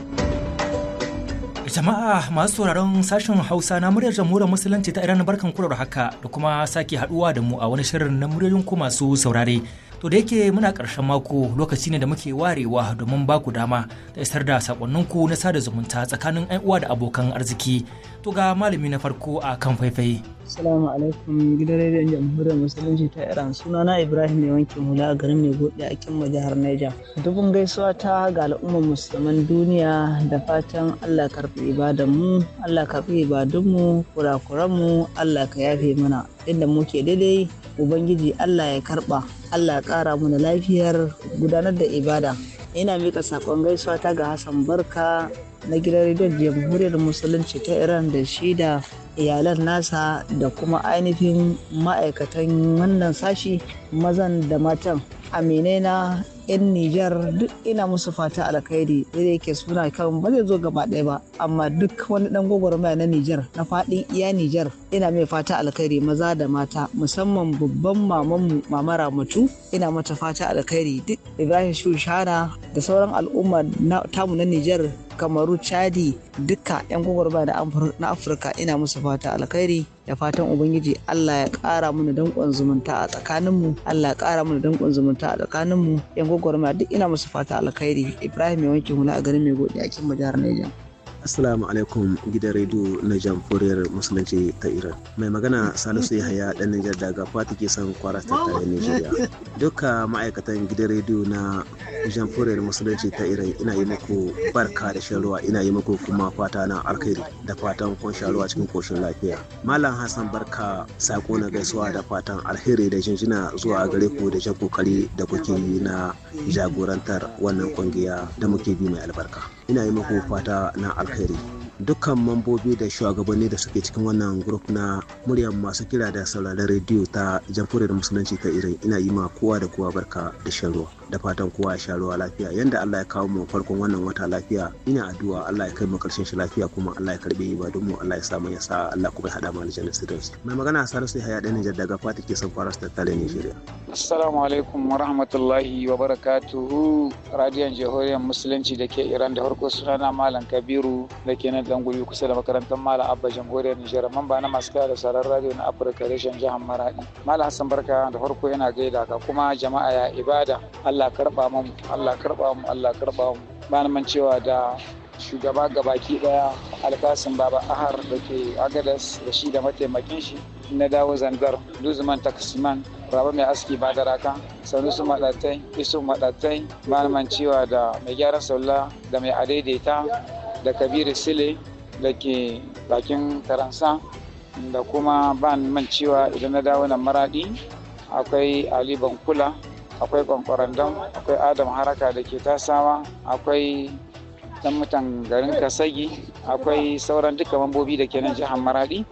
Jama'a masu sauraron sashen Hausa na muryar jamhuriyar Musulunci ta Iran barkan kurar haka da kuma sake haduwa da mu a wani shirin na muryoyin ku masu saurare. To da yake muna karshen mako lokaci ne da muke warewa domin ba ku dama da isar da sakonninku na sada zumunta tsakanin 'yan uwa da abokan arziki. To ga malami na farko a kan faifai. Assalamu alaikum gidan rediyon jamhuriyar musulunci ta Iran suna na Ibrahim ne wankin hula a garin Maigode a mu jihar Niger. Dubun gaisuwa ta ga al'ummar musulman duniya da fatan Allah karɓi ibadan mu, Allah karɓi ibadun mu, kurakuran mu, Allah ka yafe mana. Inda muke daidai Ubangiji Allah ya karɓa. Allah ya ƙara mana lafiyar gudanar da ibada. Ina mika saƙon gaisuwa ta ga Hassan Barka na gidan rediyon Jamhuriyar Musulunci ta Iran da Shida. iyalan nasa da kuma ainihin ma'aikatan wannan sashi mazan da matan aminai na 'yan Nijar duk ina musu fata alkhairi da yake suna kan ba zai zo gaba ɗaya ba amma duk wani dan gwagwarmaya na Nijar na faɗin iya Nijar ina mai fata alkhairi maza da mata musamman babban mamanmu Mamara mutu, ina mata fata alkhairi duk Ibrahim Shushana da sauran al'umma tamu na Nijar kamaru chadi duka 'yan gwagwarba na afirka ina musu fata alkhairi da fatan ubangiji allah ya kara mana danƙon zumunta a tsakaninmu allah ya kara mana danƙon zumunta a tsakaninmu 'yan gwagwarma duk ina musu fata alkhairi ibrahim ya wanke hula a garin mai godi a cikin jihar niger Assalamu alaikum gidan rediyo na jamhuriyar musulunci ta Iran. Mai magana Salisu Yahaya dan Nijar daga Fati ke san kwara ta tare Nijeriya. Duka ma'aikatan gidan rediyo na jamhuriyar musulunci ta Iran ina yi muku barka da shan ruwa ina yi muku kuma fata na alkhairi da fatan kun sha ruwa cikin koshin lafiya. Malam Hassan barka sako na gaisuwa da fatan alheri da jinjina zuwa gare ku da jan kokari da kuke yi na jagorantar wannan kungiya da muke bi mai albarka. ina yi maku fata na alheri dukkan mambobi da shugabanni da suke cikin wannan grup na muryar masu kira da sauraron rediyo ta jamhuriyar musulunci ta irin ina yi ma kowa da kowa barka da shan ruwa da fatan kowa ya sha ruwa lafiya yanda Allah ya kawo mu farkon wannan wata lafiya ina addu'a Allah ya kai mu karshen shi lafiya kuma Allah ya karbe ibadun mu Allah ya sa mu ya sa Allah kuma ya hada mu aljanna sirrinsu mai magana Salisu haya dan Nijar daga Fati ke son fara tattare Nigeria Assalamu alaikum wa rahmatullahi wa barakatuhu radiyon jihohiyar musulunci da ke Iran da farko na Malam Kabiru da ke nan kusa da makarantar Malam Abba jamhuriyar Nijar mamba na masu da sarar radiyo na Afirka reshen jihar Maradi Malam Hassan Barka da farko yana gaida ka kuma jama'a ya ibada Allah karba mu Allah karba mu Allah karba mu ba man cewa da shugaba gabaki daya alkasin baba ahar da ke agadas da shi da mataimakin shi na dawo zangar luzman taksiman raba mai aski ba da raka su maɗatai isu maɗatai malaman cewa da mai gyaran saula da mai adaidaita da kabiru sile da ke bakin karansa da kuma ban man cewa idan na dawo nan maraɗi akwai ali bankula akwai kwankwarandon akwai adam haraka da ke tasawa akwai dan mutan garin kasagi akwai sauran duka mambobi da ke nan jihar maradi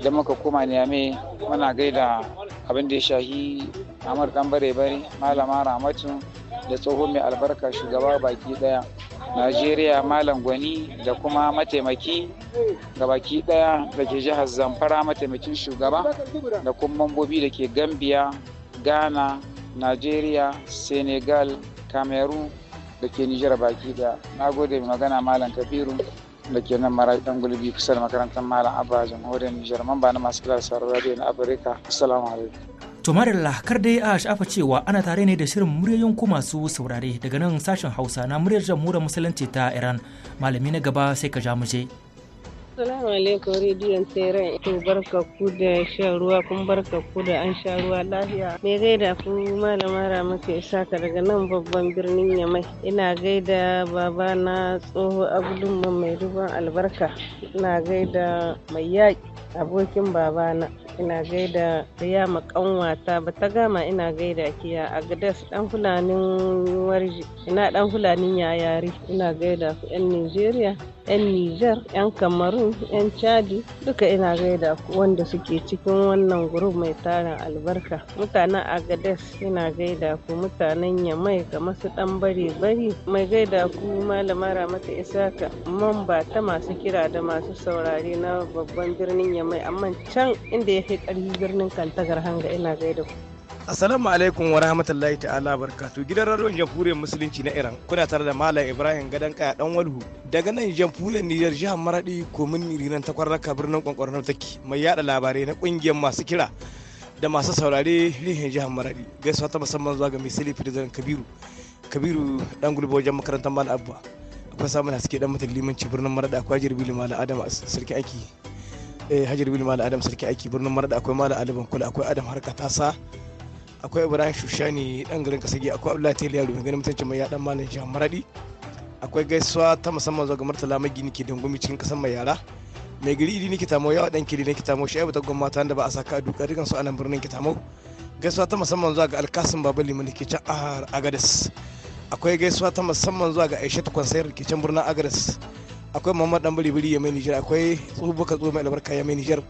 idan muka koma niyame muna gaida abin da ya shahi amur dan bare bare malama ramatu da tsohon mai albarka shugaba baki daya najeriya malam gwani da kuma mataimaki ga baki daya da ke jihar zamfara mataimakin shugaba da kuma mambobi da ke gambia ghana najeriya senegal cameroon da ke nijar baki da na gode magana malam kabiru da ke nan mara dan gulbi kusa da makarantar malam abba jamhuriyar nijar mamba na masu kilar sauran radio na afirka assalamu alaikum to marilla kar dai a shafa cewa ana tare ne da shirin muryoyin ku masu saurare daga nan sashen hausa na muryar jamhuriyar musulunci ta iran malami na gaba sai ka ja mu je. Assalamu alaikum rediyon tseren to barka ku da shan ruwa kun barka ku da an sha ruwa lafiya. Me gaida ku malama Ramatu saka daga nan babban birnin Yamai. Ina gaida baba na tsoho Abdulmu mai ruban albarka. Ina gaida mai yaki, abokin babana ina gaida yama makanwata ba ta gama ina gaida kiya a gadas dan fulanin warji ina dan fulanin yayari ina gaida ku yan nigeria yan niger yan cameroon yan chadi duka ina gaida ku wanda suke cikin wannan group mai tarin albarka mutanen agades ina gaida ku mutanen yamai kamar su dan bare bari mai gaida ku malama ramata isaka mamba ta masu kira da masu saurare na babban birnin yamai amma can inda ya fi ƙarfi birnin Kantagar Hanga ina gaida ku. Assalamu alaikum wa rahmatullahi ta'ala barkatu gidan radiyon jamhuriyar musulunci na Iran kuna tare da Malam Ibrahim Gadan Kaya dan Walhu daga nan jamhuriyar Niger jihar Maradi komin Rinan ta kwarraka birnin kwankwaron take mai yada labarai na kungiyar masu kira da masu saurare lihin jihar Maradi gaisuwa ta musamman zuwa ga Misali Firzan Kabiru Kabiru dan gulbe wajen makarantar Malam Abba akwai samun haske dan mutan limanci birnin Maradi akwai jirbi malam Adam sarki aiki Eh, hajar bil malam adam sarki aiki birnin marada akwai malam adam kula akwai adam harka tasa akwai ibrahim shushani dan garin kasage akwai abdullahi taliya rubin ganin mutuncin mai yadan malam jihar maradi akwai gaisuwa ta musamman zuwa ga martala magini ke dangumi cikin kasan mai yara mai gari idi nake tamo yawa dan kiri nake tamo shaibu ta gwamnati wanda ba a saka a duka dukan su anan birnin kitamo gaisuwa ta musamman zuwa ga alkasim baba liman da ke can agadas akwai gaisuwa ta musamman zuwa ga aisha ta kwansayar da ke can birnin agadas akwai muhammad dan biri ya mai nijar akwai tsohu baka tsohu mai albarka ya mai nijar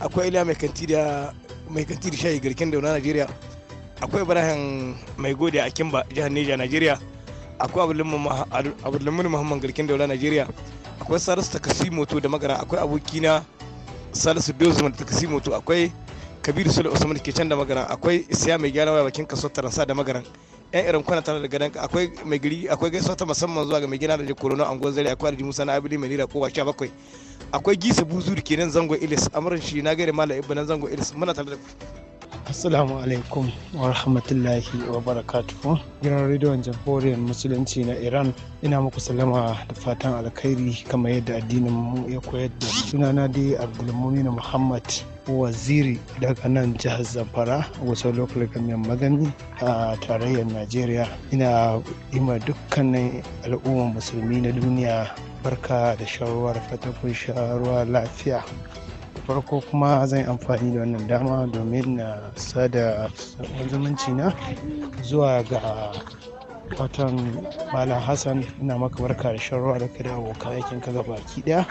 akwai iliya mai kanti da mai kanti da shayi garkin da na najeriya akwai ibrahim mai gode a kimba jihar neja najeriya akwai abdulmumin muhammad garken daula najeriya akwai salisu takasi moto da magana akwai abokina salisu dozu da takasi moto akwai kabiru sule usman ke can da magana akwai isiya mai gyara waya bakin kaso taransa da magaran yan irin kwana tana da gadon akwai mai gari akwai gaisuwa ta musamman zuwa ga mai gina da jikoro na angon zare akwai arji musa na abili mai nira kowa sha bakwai akwai gisa buzu da kenan zango ilis amurin shi na gari malam ibanan zango ilis muna tare da ku Assalamu alaikum wa rahmatullahi wa barakatuhu. Gidan rediyon jamhuriyar musulunci na Iran ina muku salama da fatan alkhairi kamar yadda addinin mu ya koyar da sunana dai Abdulmumin Muhammad waziri daga nan jihar zamfara wasu lokacin government magani a tarayyar najeriya ina ima dukkanin al'ummar musulmi na duniya barka da shawarwar fata kun shawarwa lafiya farko kuma zan amfani da wannan dama domin na sada zumunci na zuwa ga watan malam hassan ina maka barka da sharuwa da kai abokan aikin ka gaba ki daya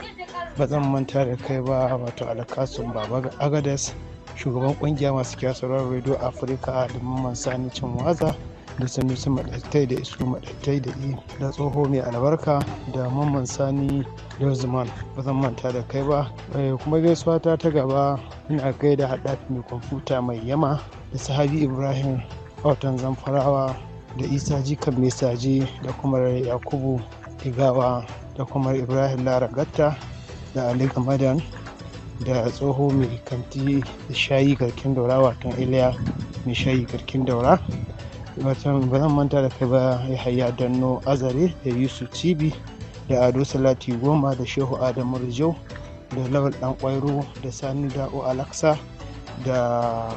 ba zan manta da kai ba wato alakasun baba agadas shugaban kungiya masu kiyasar radio afirka da mamman sani cin waza da sanusi maɗattai da isu maɗattai da yi da tsoho mai albarka da mamman sani lozman ba zan manta da kai ba eh, kuma gaisuwa ta ta gaba ina gaida haɗafi mai kwamfuta mai yama da sahabi ibrahim autan zamfarawa da isa jikan mesaji da kuma yakubu igawa da kuma ibrahim laragatta da ali gamadan da tsoho mai kanti da shayi garkin daura watan iliya mai shayi garkin daura watan ba zan manta da kai ba hayya danno azare da yusuf cibi da ado salati goma da shehu adamu rijau da lawal dan kwairo da sani da'o alaksa da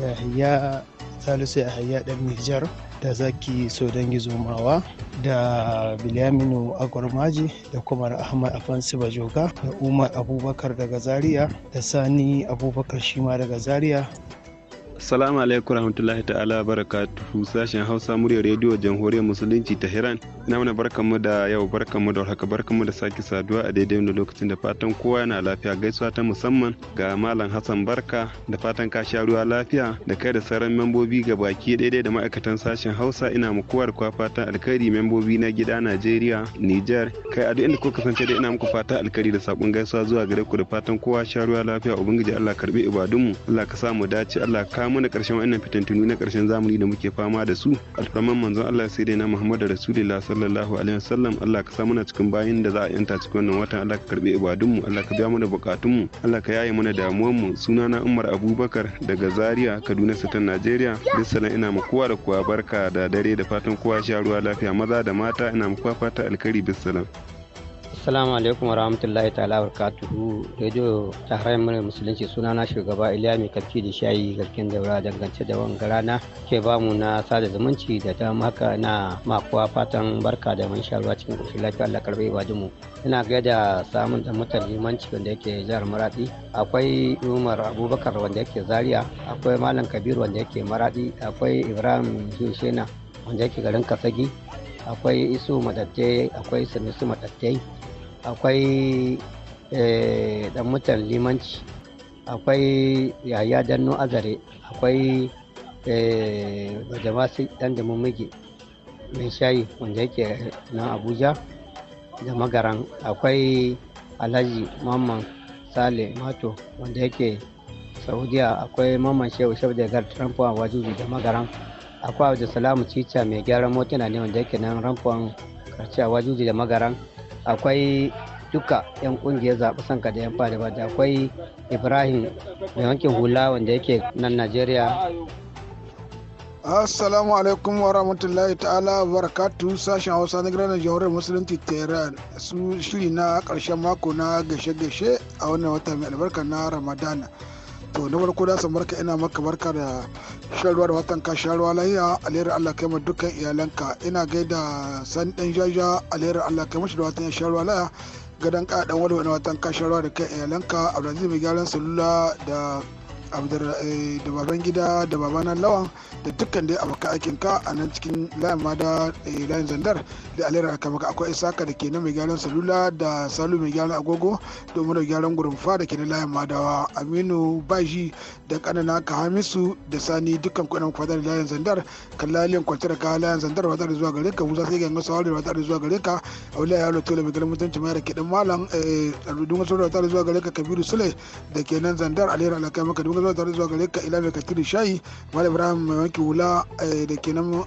yahaya salisu yahaya dan nijar da zaki sodangi zomawa da bilyaminu agwarmaji da kumar ahmad afansu bajoga da umar abubakar daga zaria da sani abubakar shima daga zaria Assalamu alaikum rahmatullahi ta'ala barakatuhu sashen Hausa muryar rediyo Jamhuriyar Musulunci ta Iran. Ina mana barkanmu da yau barkanmu da warhaka barkanmu da sake saduwa a daidai wani lokacin da fatan kowa yana lafiya gaisuwa ta musamman ga Malam Hassan Barka da fatan ka sha ruwa lafiya da kai da sauran membobi ga baki daidai da ma'aikatan sashen Hausa ina muku kwa fatan alkhairi membobi na gida Najeriya, Niger, kai a duk inda kuka kasance dai ina muku fatan alkhairi da sakon gaisuwa zuwa gare ku da fatan kowa sha ruwa lafiya ubangiji Allah karbi ibadunmu Allah ka sa mu dace Allah ka kawo mana ƙarshen wannan fitantunu na ƙarshen zamani da muke fama da su alfaman manzon Allah sai dai na Muhammadu Rasulullahi sallallahu alaihi wasallam Allah ka sa mana cikin bayin da za a yanta cikin wannan watan Allah ka karbe ibadun mu Allah ka biya mana bukatun mu Allah ka yaye mana damuwan mu suna na Umar Abubakar daga Zaria Kaduna Sitan Najeriya bissalan ina muku kowa da kowa barka da dare da fatan kowa sha ruwa lafiya maza da mata ina muku fata alkari bissalan Assalamu alaikum warahmatullahi ta'ala barkatuhu Radio Tahrayin Mura Musulunci na shugaba Iliya mai kafki da shayi garken daura dangance da wani garana ke bamu na sada zumunci da ta haka na makuwa fatan barka da man sharuwa cikin ƙoshin lafiya Allah karbe ibadunmu. Ina ga da samun da mutan limanci wanda yake jihar Maradi akwai Umar Abubakar wanda yake Zaria akwai Malam Kabir wanda yake Maradi akwai Ibrahim Yushena wanda yake garin Kasagi akwai isu madaddai akwai sanusu madaddai akwai dan eh, mutan limanci akwai yaya danno azare akwai eh, bajamasi dan da mummige mai shayi wanda yake nan abuja da magaran akwai alhaji mamman sale mato wanda yake saudiya akwai mamman shehu shehu da gar tramfuwa wajuji da magaran akwai abu da salamu cica mai gyaran motuna ne wanda yake nan ramfuwan karciya wajuji da magaran akwai duka 'yan kungiyar zaɓi sanka da 'yan fadi da akwai ibrahim mai wankin hula wanda yake nan najeriya assalamu alaikum wa rahmatullahi ta'ala barakatu sashen hausa na gidan jihohar musulunci tehran su shiri na karshen mako na gashe-gashe a wannan wata mai albarka na ramadana to na farko da san barka ina maka barka da shan ruwa da watan ka shan ruwa lahiya alherin Allah kai ma dukkan iyalanka ina gaida san dan jaja alherin Allah kai mashi da watan ya shan ruwa lahiya gadan ka dan wani watan ka shan ruwa da kai iyalanka Abdulaziz mai gyaran salula da Eh, da baban gida da baban lawan da dukkan dai abokan aikin ka a nan cikin layin ma da eh, layin zandar da alera ka maka akwai isaka da ke na mai gyaran salula da salu mai gyaran agogo domin da gyaran gurumfa da ke na layin madawa aminu baji da kanana ka hamisu da sani dukkan kuɗin kwadar layin zandar kan layin kwantar ka layin zandar wata da zuwa gare ka musa sai ganga sawari wata da zuwa gare ka a wula yaro tola mai gyaran mutunci mai da ke dan malam eh, a rudun wasu wata da zuwa gare ka kabiru sule da ke nan zandar alera ka maka gabatar tare zuwa gare ka ila mai katiri shayi malam ibrahim mai wanki wula eh, da ke nan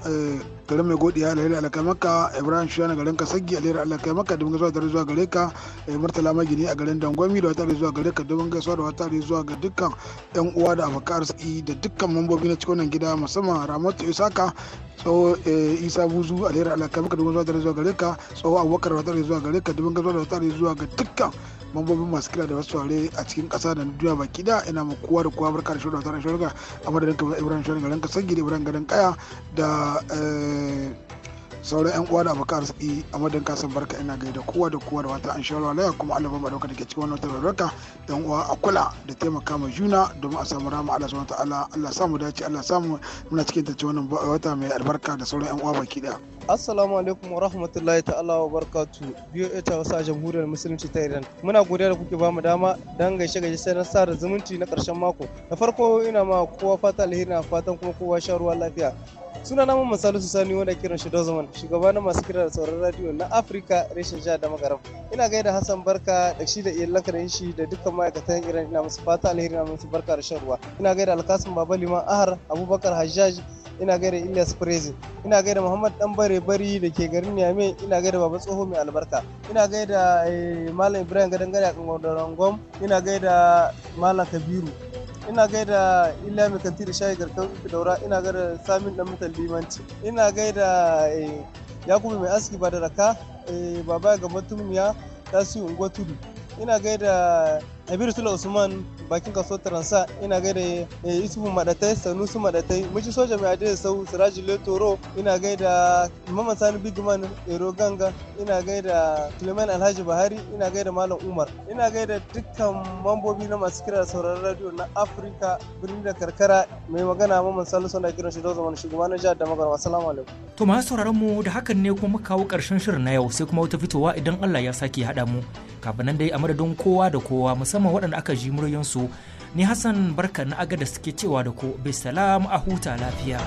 garin eh, mai godiya alheri alakai maka ibrahim shiyana garin kasagi alheri alakai maka domin gaisuwa tare zuwa gare ka eh, martala magini a garin dangwami da wata zuwa gare ka domin gaisuwa da wata zuwa ga dukkan yan uwa da abokan arziki da dukkan mambobi na cikin gida musamman ramatu isaka tsawo isa buzu alheri alakai maka domin gaisuwa tare zuwa gare ka tsawo abubakar wata zuwa gare ka domin gaisuwa da wata zuwa ga dukkan mambobin masu kira da wasu a cikin ƙasa da duniya baki da ina ma kowa da kuwa barka da shirin wata rashin a madadin kamar ibrahim shirin garin kasan gidi ibrahim garin kaya da eh, sauran yan uwa da abokan arziki a madan kasan barka ina gai da kowa da kowa da wata an wa laya kuma Allah ba dauka dake cikin wannan tabarruka yan uwa a kula da taimaka ma juna domin a samu rama Allah subhanahu ta'ala Allah samu dace Allah samu muna cikin tace wannan wata mai albarka da sauran yan uwa baki daya Assalamu alaikum wa rahmatullahi ta'ala wa barakatu biyo ita wasa jamhuriyar musulunci ta Iran muna godiya da kuke bamu dama dan gaishe gaishe sai na sa da zumunci na karshen mako da farko ina ma kowa fata alheri na fatan kuma kowa sha ruwa lafiya suna namun misali su sani wanda kiran shi dozaman shugabanin masu kira da sauran radio na afirka reshen jihar da magaram ina gaida hassan barka da shi da iyalanka da shi da dukkan ma'aikatan iran ina musu fata alheri na musu barka da shan ruwa ina gaida alkasim baba liman ahar abubakar hajjaj ina gaida Ilyas Prezi ina gaida Muhammad Dan Bare Bari da ke garin Niamey ina gaida Baba Tsoho mai albarka ina gaida eh, Malam Ibrahim Gadangare a kan Rangom ina gaida Malam Kabiru ina gaida ila mai da shayi garkan daura ina gaida samin dan mutan limanci ina gaida eh, yakubu mai aski ba da raka eh, baba ga mutumiya tasu unguwa tudu ina gaida abiru Sula Usman bakin kaso Taransa ina gaida eh, Yusufu Madatai Sanusi Madatai miji soja mai adai sau Siraji Letoro ina gaida Mama Sani Bigman Ero Ganga ina gaida Suleiman Alhaji Bahari ina gaida Malam Umar ina gaida dukkan mambobi na masu kira sauraron radio na Afirka birnin da karkara mai magana Mama Salisu na kiran shi da zaman shugaba na jihar da alaikum. To masu sauraron mu da hakan ne kuma kawo karshen shirin na yau sai kuma wata fitowa idan Allah ya sake haɗa mu kafin nan dai a madadin kowa da kowa musamman musamman waɗanda aka ji muryansu ni Hassan barka na agada suke cewa da ku bisalam a huta lafiya.